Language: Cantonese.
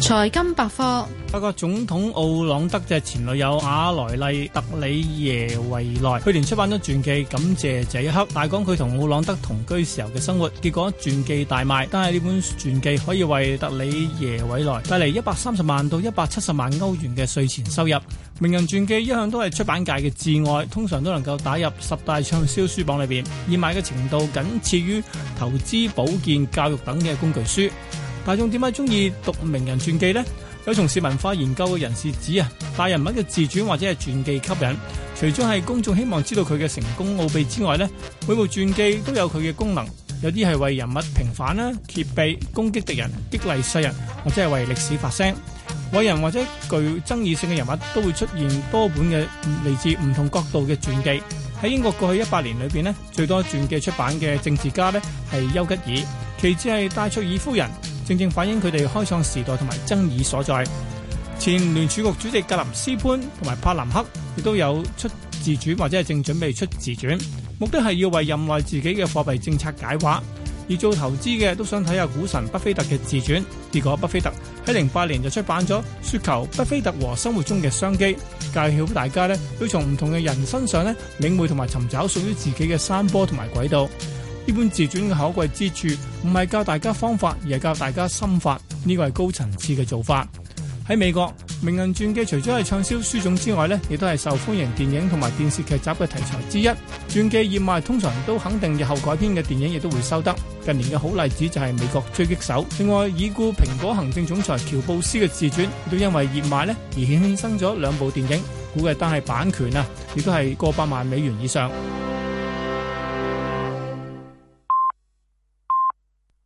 財金百科，法國總統奧朗德嘅前女友瓦萊麗·特里耶維萊去年出版咗傳記，感謝這一刻，大講佢同奧朗德同居時候嘅生活。結果傳記大賣，但係呢本傳記可以為特里耶維萊帶嚟一百三十萬到一百七十萬歐元嘅稅前收入。名人傳記一向都係出版界嘅至愛，通常都能夠打入十大暢銷書榜裏邊，易賣嘅程度僅次於投資、保健、教育等嘅工具書。大眾點解中意讀名人傳記呢？有從事文化研究嘅人士指啊，大人物嘅自傳或者係傳記吸引，除咗係公眾希望知道佢嘅成功奧秘之外咧，每部傳記都有佢嘅功能，有啲係為人物平反啦、揭秘、攻擊敵人、激勵世人，或者係為歷史發聲。偉人或者具爭議性嘅人物都會出現多本嘅嚟自唔同角度嘅傳記。喺英國過去一百年裏邊咧，最多傳記出版嘅政治家咧係丘吉爾，其次係戴卓爾夫人。正正反映佢哋開創時代同埋爭議所在。前聯儲局主席格林斯潘同埋柏林克亦都有出自傳，或者係正準備出自傳，目的係要為任內自己嘅貨幣政策解畫。而做投資嘅都想睇下股神巴菲特嘅自傳。結果巴菲特喺零八年就出版咗《雪球》，巴菲特和生活中嘅商機，介紹大家咧要從唔同嘅人身上咧領會同埋尋找屬於自己嘅山坡同埋軌道。一本自傳嘅可貴之處，唔係教大家方法，而係教大家心法。呢個係高層次嘅做法。喺美國，名人傳記除咗係暢銷書種之外呢，亦都係受歡迎電影同埋電視劇集嘅題材之一。傳記熱賣通常都肯定日後改編嘅電影亦都會收得。近年嘅好例子就係美國狙擊手。另外，已故蘋果行政總裁喬布斯嘅自傳都因為熱賣咧而衍生咗兩部電影，估計單係版權啊，亦都係過百萬美元以上。